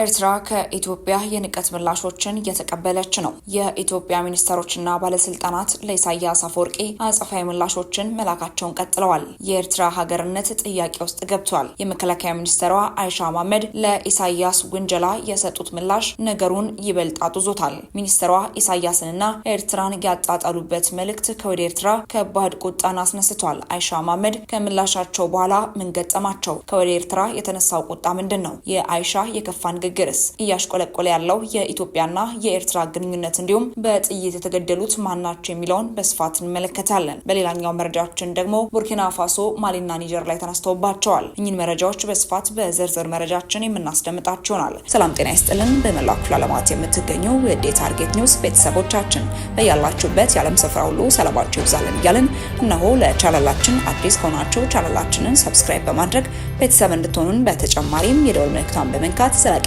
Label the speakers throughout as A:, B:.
A: ኤርትራ ከኢትዮጵያ የንቀት ምላሾችን እየተቀበለች ነው። የኢትዮጵያ ሚኒስተሮችና ባለስልጣናት ለኢሳያስ አፈወርቂ አጸፋዊ ምላሾችን መላካቸውን ቀጥለዋል። የኤርትራ ሀገርነት ጥያቄ ውስጥ ገብቷል። የመከላከያ ሚኒስተሯ አይሻ ማመድ ለኢሳያስ ውንጀላ የሰጡት ምላሽ ነገሩን ይበልጥ አጡዞታል። ሚኒስተሯ ኢሳያስንና ኤርትራን ያጣጣሉበት መልእክት ከወደ ኤርትራ ከባድ ቁጣን አስነስቷል። አይሻ ማመድ ከምላሻቸው በኋላ ምን ገጠማቸው? ከወደ ኤርትራ የተነሳው ቁጣ ምንድን ነው? የአይሻ የከፋ ንግግር ንግግርስ እያሽቆለቆለ ያለው የኢትዮጵያና የኤርትራ ግንኙነት እንዲሁም በጥይት የተገደሉት ማናቸው የሚለውን በስፋት እንመለከታለን። በሌላኛው መረጃችን ደግሞ ቡርኪና ፋሶ፣ ማሊና ኒጀር ላይ ተነስተውባቸዋል። እኚህን መረጃዎች በስፋት በዝርዝር መረጃችን የምናስደምጣችሁ ሰላም ጤና ይስጥልን። በመላው ክፍለ ዓለማት የምትገኙ የዴ ታርጌት ኒውስ ቤተሰቦቻችን በያላችሁበት የዓለም ስፍራ ሁሉ ሰላማችሁ ይብዛልን እያልን እነሆ ለቻናላችን አዲስ ከሆናችሁ ቻናላችንን ሰብስክራይብ በማድረግ ቤተሰብ እንድትሆኑን በተጨማሪም የደወል ምልክቷን በመንካት ዘላቂ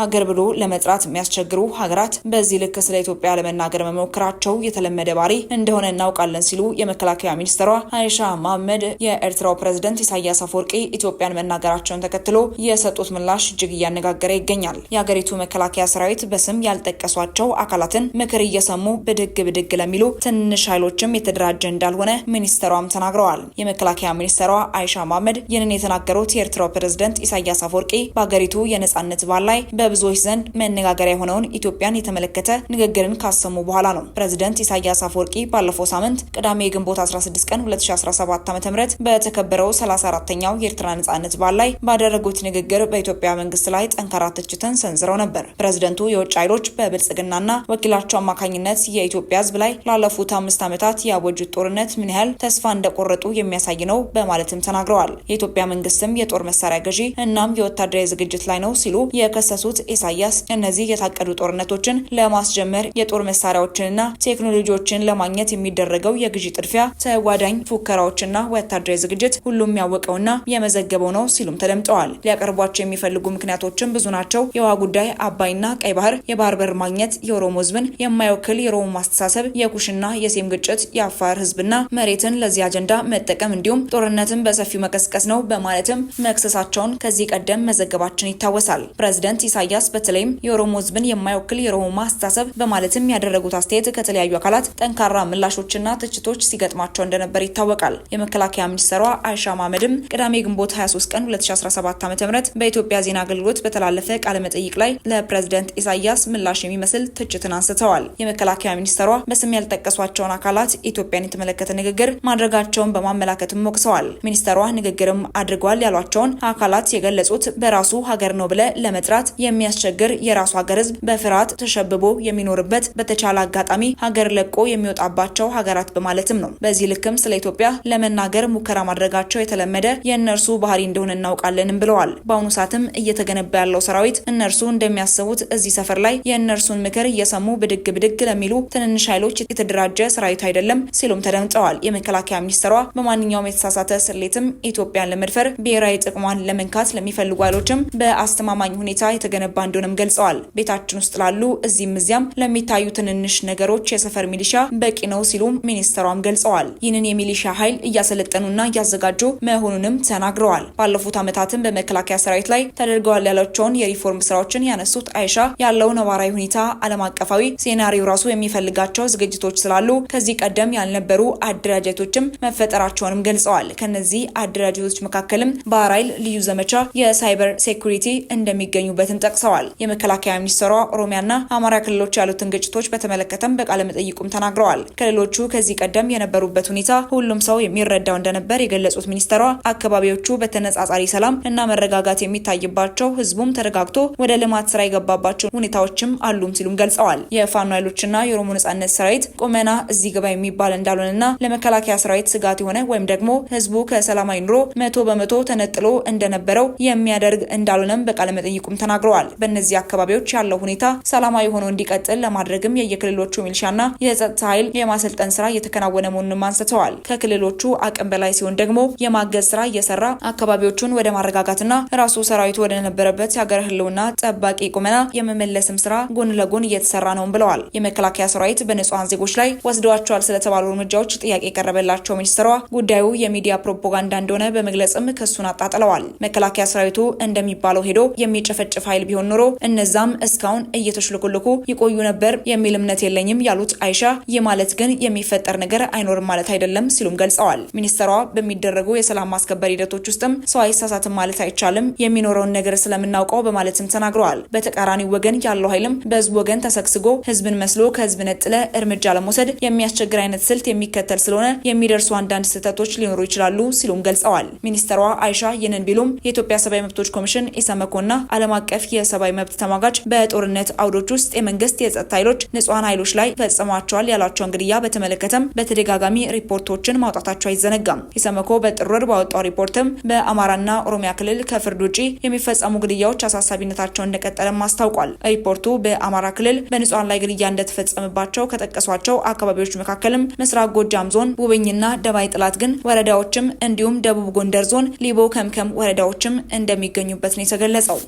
A: ሀገር ብሎ ለመጥራት የሚያስቸግሩ ሀገራት በዚህ ልክ ስለ ኢትዮጵያ ለመናገር መሞከራቸው የተለመደ ባሪ እንደሆነ እናውቃለን ሲሉ የመከላከያ ሚኒስትሯ አይሻ መሐመድ የኤርትራው ፕሬዝደንት ኢሳያስ አፈወርቂ ኢትዮጵያን መናገራቸውን ተከትሎ የሰጡት ምላሽ እጅግ እያነጋገረ ይገኛል። የሀገሪቱ መከላከያ ሰራዊት በስም ያልጠቀሷቸው አካላትን ምክር እየሰሙ ብድግ ብድግ ለሚሉ ትንሽ ኃይሎችም የተደራጀ እንዳልሆነ ሚኒስትሯም ተናግረዋል። የመከላከያ ሚኒስትሯ አይሻ መሐመድ ይህንን የተናገሩት የኤርትራው ፕሬዝደንት ኢሳያስ አፈወርቂ በሀገሪቱ የነጻነት በዓል ላይ በ በብዙዎች ዘንድ መነጋገሪያ የሆነውን ኢትዮጵያን የተመለከተ ንግግርን ካሰሙ በኋላ ነው። ፕሬዚደንት ኢሳያስ አፈወርቂ ባለፈው ሳምንት ቅዳሜ የግንቦት 16 ቀን 2017 ዓ.ም በተከበረው 34 ተኛው የኤርትራ ነጻነት በዓል ላይ ባደረጉት ንግግር በኢትዮጵያ መንግስት ላይ ጠንካራ ትችትን ሰንዝረው ነበር። ፕሬዚደንቱ የውጭ ኃይሎች በብልጽግናና ወኪላቸው አማካኝነት የኢትዮጵያ ሕዝብ ላይ ላለፉት አምስት ዓመታት ያወጁት ጦርነት ምን ያህል ተስፋ እንደቆረጡ የሚያሳይ ነው በማለትም ተናግረዋል። የኢትዮጵያ መንግስትም የጦር መሳሪያ ገዢ እናም የወታደራዊ ዝግጅት ላይ ነው ሲሉ የከሰሱት ኢሳያስ እነዚህ የታቀዱ ጦርነቶችን ለማስጀመር የጦር መሳሪያዎችንና ቴክኖሎጂዎችን ለማግኘት የሚደረገው የግዢ ጥድፊያ፣ ተጓዳኝ ፉከራዎችና ወታደራዊ ዝግጅት ሁሉም ያወቀውና የመዘገበው ነው ሲሉም ተደምጠዋል። ሊያቀርቧቸው የሚፈልጉ ምክንያቶችም ብዙ ናቸው። የውሃ ጉዳይ፣ አባይና ቀይ ባህር፣ የባህር በር ማግኘት፣ የኦሮሞ ህዝብን የማይወክል የኦሮሞ ማስተሳሰብ፣ የኩሽና የሴም ግጭት፣ የአፋር ህዝብና መሬትን ለዚህ አጀንዳ መጠቀም እንዲሁም ጦርነትን በሰፊው መቀስቀስ ነው በማለትም መክሰሳቸውን ከዚህ ቀደም መዘገባችን ይታወሳል። ፕሬዚደንት ኢሳ ኢሳያስ በተለይም የኦሮሞ ህዝብን የማይወክል የኦሮሞ አስተሳሰብ በማለትም ያደረጉት አስተያየት ከተለያዩ አካላት ጠንካራ ምላሾችና ትችቶች ሲገጥማቸው እንደነበር ይታወቃል። የመከላከያ ሚኒስትሯ አይሻ ማመድም ቅዳሜ ግንቦት 23 ቀን 2017 ዓ ም በኢትዮጵያ ዜና አገልግሎት በተላለፈ ቃለ መጠይቅ ላይ ለፕሬዝደንት ኢሳያስ ምላሽ የሚመስል ትችትን አንስተዋል። የመከላከያ ሚኒስትሯ በስም ያልጠቀሷቸውን አካላት ኢትዮጵያን የተመለከተ ንግግር ማድረጋቸውን በማመላከትም ወቅሰዋል። ሚኒስትሯ ንግግርም አድርጓል ያሏቸውን አካላት የገለጹት በራሱ ሀገር ነው ብለ ለመጥራት የሚያስቸግር የራሱ ሀገር ህዝብ በፍርሃት ተሸብቦ የሚኖርበት በተቻለ አጋጣሚ ሀገር ለቆ የሚወጣባቸው ሀገራት በማለትም ነው። በዚህ ልክም ስለ ኢትዮጵያ ለመናገር ሙከራ ማድረጋቸው የተለመደ የእነርሱ ባህሪ እንደሆነ እናውቃለንም ብለዋል። በአሁኑ ሰዓትም እየተገነባ ያለው ሰራዊት እነርሱ እንደሚያስቡት እዚህ ሰፈር ላይ የእነርሱን ምክር እየሰሙ ብድግ ብድግ ለሚሉ ትንንሽ ኃይሎች የተደራጀ ሰራዊት አይደለም ሲሉም ተደምጠዋል። የመከላከያ ሚኒስትሯ በማንኛውም የተሳሳተ ስሌትም ኢትዮጵያን ለመድፈር ብሔራዊ ጥቅሟን ለመንካት ለሚፈልጉ ኃይሎችም በአስተማማኝ ሁኔታ የተገ እየተገነባ እንደሆነም ገልጸዋል። ቤታችን ውስጥ ላሉ እዚህም እዚያም ለሚታዩ ትንንሽ ነገሮች የሰፈር ሚሊሻ በቂ ነው ሲሉም ሚኒስትሯም ገልጸዋል። ይህንን የሚሊሻ ኃይል እያሰለጠኑና እያዘጋጁ መሆኑንም ተናግረዋል። ባለፉት ዓመታትም በመከላከያ ሰራዊት ላይ ተደርገዋል ያሏቸውን የሪፎርም ስራዎችን ያነሱት አይሻ ያለው ነባራዊ ሁኔታ ዓለም አቀፋዊ ሴናሪዮ ራሱ የሚፈልጋቸው ዝግጅቶች ስላሉ ከዚህ ቀደም ያልነበሩ አደራጀቶችም መፈጠራቸውንም ገልጸዋል። ከነዚህ አደራጀቶች መካከልም ባህር ኃይል ልዩ ዘመቻ፣ የሳይበር ሴኩሪቲ እንደሚገኙበትም ጠቅሰዋል። የመከላከያ ሚኒስትሯ ኦሮሚያና አማራ ክልሎች ያሉትን ግጭቶች በተመለከተም በቃለ መጠይቁም ተናግረዋል። ክልሎቹ ከዚህ ቀደም የነበሩበት ሁኔታ ሁሉም ሰው የሚረዳው እንደነበር የገለጹት ሚኒስትሯ አካባቢዎቹ በተነጻጻሪ ሰላም እና መረጋጋት የሚታይባቸው፣ ህዝቡም ተረጋግቶ ወደ ልማት ስራ የገባባቸው ሁኔታዎችም አሉም ሲሉም ገልጸዋል። የፋኖ ኃይሎችና የኦሮሞ ነጻነት ሰራዊት ቁመና እዚህ ግባ የሚባል እንዳልሆነና ለመከላከያ ሰራዊት ስጋት የሆነ ወይም ደግሞ ህዝቡ ከሰላማዊ ኑሮ መቶ በመቶ ተነጥሎ እንደነበረው የሚያደርግ እንዳልሆነም በቃለመጠይቁም ተናግረዋል። ተናግረዋል። በእነዚህ አካባቢዎች ያለው ሁኔታ ሰላማዊ ሆኖ እንዲቀጥል ለማድረግም የየክልሎቹ ሚሊሻና የጸጥታ ኃይል የማሰልጠን ስራ እየተከናወነ መሆኑንም አንስተዋል። ከክልሎቹ አቅም በላይ ሲሆን ደግሞ የማገዝ ስራ እየሰራ አካባቢዎቹን ወደ ማረጋጋትና ራሱ ሰራዊቱ ወደነበረበት የሀገር ህልውና ጠባቂ ቁመና የመመለስም ስራ ጎን ለጎን እየተሰራ ነውም ብለዋል። የመከላከያ ሰራዊት በንጹሐን ዜጎች ላይ ወስደዋቸዋል ስለተባሉ እርምጃዎች ጥያቄ የቀረበላቸው ሚኒስትሯ ጉዳዩ የሚዲያ ፕሮፓጋንዳ እንደሆነ በመግለጽም ክሱን አጣጥለዋል። መከላከያ ሰራዊቱ እንደሚባለው ሄዶ የሚጨፈጭፍ ኃይል ቢሆን ኖሮ እነዛም እስካሁን እየተሽለኮለኩ ይቆዩ ነበር የሚል እምነት የለኝም ያሉት አይሻ ይህ ማለት ግን የሚፈጠር ነገር አይኖርም ማለት አይደለም ሲሉም ገልጸዋል። ሚኒስትሯ በሚደረጉ የሰላም ማስከበር ሂደቶች ውስጥም ሰው አይሳሳትም ማለት አይቻልም የሚኖረውን ነገር ስለምናውቀው በማለትም ተናግረዋል። በተቃራኒ ወገን ያለው ኃይልም በህዝብ ወገን ተሰግስጎ ህዝብን መስሎ ከህዝብ ነጥለ እርምጃ ለመውሰድ የሚያስቸግር አይነት ስልት የሚከተል ስለሆነ የሚደርሱ አንዳንድ ስህተቶች ሊኖሩ ይችላሉ ሲሉም ገልጸዋል። ሚኒስትሯ አይሻ ይህንን ቢሉም የኢትዮጵያ ሰብአዊ መብቶች ኮሚሽን ኢሰመኮና ዓለም አቀፍ የ የሰብአዊ መብት ተሟጋች በጦርነት አውዶች ውስጥ የመንግስት የጸጥታ ኃይሎች ንጹሐን ኃይሎች ላይ ፈጽሟቸዋል ያሏቸውን ግድያ በተመለከተም በተደጋጋሚ ሪፖርቶችን ማውጣታቸው አይዘነጋም። ኢሰመኮ በጥር ወር ባወጣው ሪፖርትም በአማራና ኦሮሚያ ክልል ከፍርድ ውጪ የሚፈጸሙ ግድያዎች አሳሳቢነታቸውን እንደቀጠለም አስታውቋል። ሪፖርቱ በአማራ ክልል በንጹሐን ላይ ግድያ እንደተፈጸመባቸው ከጠቀሷቸው አካባቢዎች መካከልም ምስራቅ ጎጃም ዞን ውብኝና ደባይ ጥላት ግን ወረዳዎችም እንዲሁም ደቡብ ጎንደር ዞን ሊቦ ከምከም ወረዳዎችም እንደሚገኙበት ነው የተገለጸው።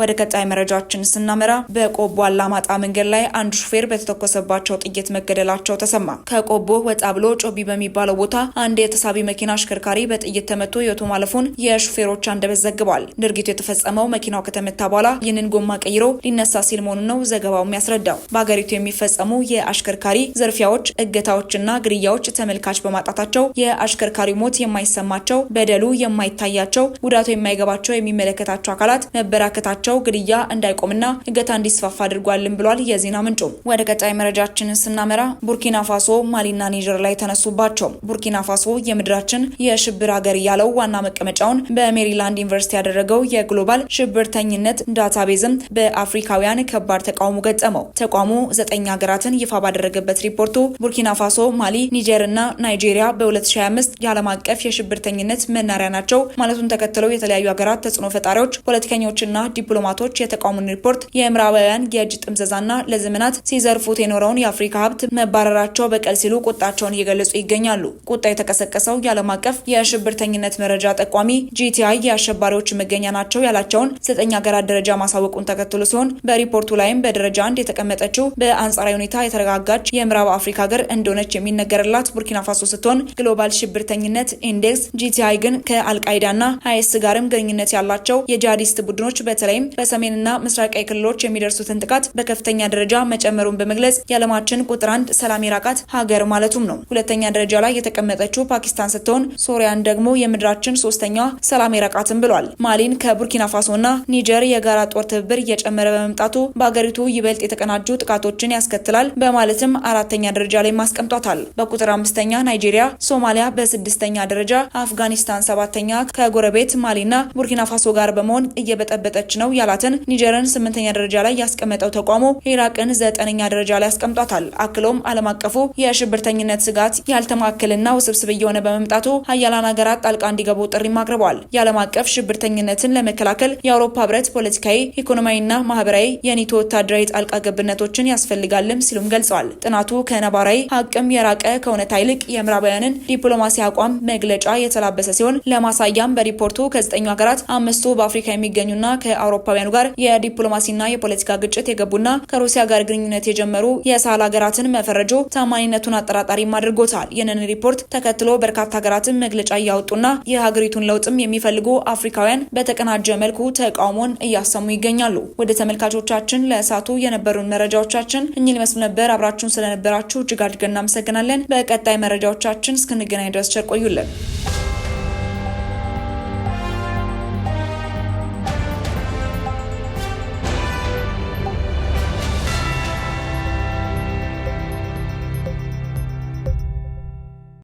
A: ወደ ቀጣይ መረጃችን ስናመራ በቆቦ አላማጣ መንገድ ላይ አንድ ሹፌር በተተኮሰባቸው ጥይት መገደላቸው ተሰማ። ከቆቦ ወጣ ብሎ ጮቢ በሚባለው ቦታ አንድ የተሳቢ መኪና አሽከርካሪ በጥይት ተመቶ ህይወቱ ማለፉን የሹፌሮች አንደበት ዘግቧል። ድርጊቱ የተፈጸመው መኪናው ከተመታ በኋላ ይህንን ጎማ ቀይሮ ሊነሳ ሲል መሆኑን ነው ዘገባው የሚያስረዳው። በሀገሪቱ የሚፈጸሙ የአሽከርካሪ ዝርፊያዎች፣ እገታዎችና ግድያዎች ተመልካች በማጣታቸው የአሽከርካሪው ሞት የማይሰማቸው፣ በደሉ የማይታያቸው፣ ጉዳቱ የማይገባቸው የሚመለከታቸው አካላት መበራከታቸው በመሆናቸው ግድያ እንዳይቆምና እገታ እንዲስፋፋ አድርጓልም ብሏል የዜና ምንጩ። ወደ ቀጣይ መረጃችንን ስናመራ ቡርኪና ፋሶ፣ ማሊና ኒጀር ላይ ተነሱባቸው። ቡርኪና ፋሶ የምድራችን የሽብር ሀገር እያለው ዋና መቀመጫውን በሜሪላንድ ዩኒቨርሲቲ ያደረገው የግሎባል ሽብርተኝነት ዳታቤዝም በአፍሪካውያን ከባድ ተቃውሞ ገጠመው። ተቋሙ ዘጠኝ ሀገራትን ይፋ ባደረገበት ሪፖርቱ ቡርኪና ፋሶ፣ ማሊ፣ ኒጀር እና ናይጄሪያ በ2025 የዓለም አቀፍ የሽብርተኝነት መናሪያ ናቸው ማለቱን ተከትለው የተለያዩ ሀገራት ተጽዕኖ ፈጣሪዎች፣ ፖለቲከኞችና ዲፕሎ ዲፕሎማቶች የተቃውሞን ሪፖርት የምዕራባውያን የእጅ ጥምዘዛና ለዘመናት ሲዘርፉት የኖረውን የአፍሪካ ሀብት መባረራቸው በቀል ሲሉ ቁጣቸውን እየገለጹ ይገኛሉ። ቁጣ የተቀሰቀሰው የዓለም አቀፍ የሽብርተኝነት መረጃ ጠቋሚ ጂቲአይ የአሸባሪዎች መገኛ ናቸው ያላቸውን ዘጠኝ ሀገራት ደረጃ ማሳወቁን ተከትሎ ሲሆን በሪፖርቱ ላይም በደረጃ አንድ የተቀመጠችው በአንጻራዊ ሁኔታ የተረጋጋች የምዕራብ አፍሪካ ሀገር እንደሆነች የሚነገርላት ቡርኪና ፋሶ ስትሆን ግሎባል ሽብርተኝነት ኢንዴክስ ጂቲአይ ግን ከአልቃይዳና አይኤስ ጋርም ግንኙነት ያላቸው የጂሃዲስት ቡድኖች በተለይም በሰሜንና ምስራቃዊ ክልሎች የሚደርሱትን ጥቃት በከፍተኛ ደረጃ መጨመሩን በመግለጽ የዓለማችን ቁጥር አንድ ሰላም የራቃት ሀገር ማለቱም ነው። ሁለተኛ ደረጃ ላይ የተቀመጠችው ፓኪስታን ስትሆን ሶሪያን ደግሞ የምድራችን ሶስተኛ ሰላም የራቃትም ብሏል። ማሊን ከቡርኪና ፋሶና ኒጀር የጋራ ጦር ትብብር እየጨመረ በመምጣቱ በአገሪቱ ይበልጥ የተቀናጁ ጥቃቶችን ያስከትላል በማለትም አራተኛ ደረጃ ላይ ማስቀምጧታል። በቁጥር አምስተኛ ናይጄሪያ፣ ሶማሊያ በስድስተኛ ደረጃ፣ አፍጋኒስታን ሰባተኛ ከጎረቤት ማሊና ቡርኪና ፋሶ ጋር በመሆን እየበጠበጠች ነው ያላትን ኒጀርን ስምንተኛ ደረጃ ላይ ያስቀመጠው ተቋሙ ኢራቅን ዘጠነኛ ደረጃ ላይ ያስቀምጧታል። አክሎም ዓለም አቀፉ የሽብርተኝነት ስጋት ያልተማከለና ውስብስብ እየሆነ በመምጣቱ ሀያላን ሀገራት ጣልቃ እንዲገቡ ጥሪም አቅርበዋል። የዓለም አቀፍ ሽብርተኝነትን ለመከላከል የአውሮፓ ህብረት ፖለቲካዊ፣ ኢኮኖሚያዊና ማህበራዊ የኒቶ ወታደራዊ ጣልቃ ገብነቶችን ያስፈልጋልም ሲሉም ገልጸዋል። ጥናቱ ከነባራዊ አቅም የራቀ ከእውነታ ይልቅ የምዕራባውያንን ዲፕሎማሲ አቋም መግለጫ የተላበሰ ሲሆን ለማሳያም በሪፖርቱ ከዘጠኙ ሀገራት አምስቱ በአፍሪካ የሚገኙና ከአውሮ ከአውሮፓውያኑ ጋር የዲፕሎማሲና የፖለቲካ ግጭት የገቡና ከሩሲያ ጋር ግንኙነት የጀመሩ የሳህል ሀገራትን መፈረጆ ታማኒነቱን አጠራጣሪም አድርጎታል። ይህንን ሪፖርት ተከትሎ በርካታ ሀገራትን መግለጫ እያወጡና የሀገሪቱን ለውጥም የሚፈልጉ አፍሪካውያን በተቀናጀ መልኩ ተቃውሞን እያሰሙ ይገኛሉ። ወደ ተመልካቾቻችን ለእሳቱ የነበሩን መረጃዎቻችን እኚህ ሊመስሉ ነበር። አብራችሁን ስለነበራችሁ እጅግ አድርገን እናመሰግናለን። በቀጣይ መረጃዎቻችን እስክንገናኝ ድረስ ቸር ቆዩልን።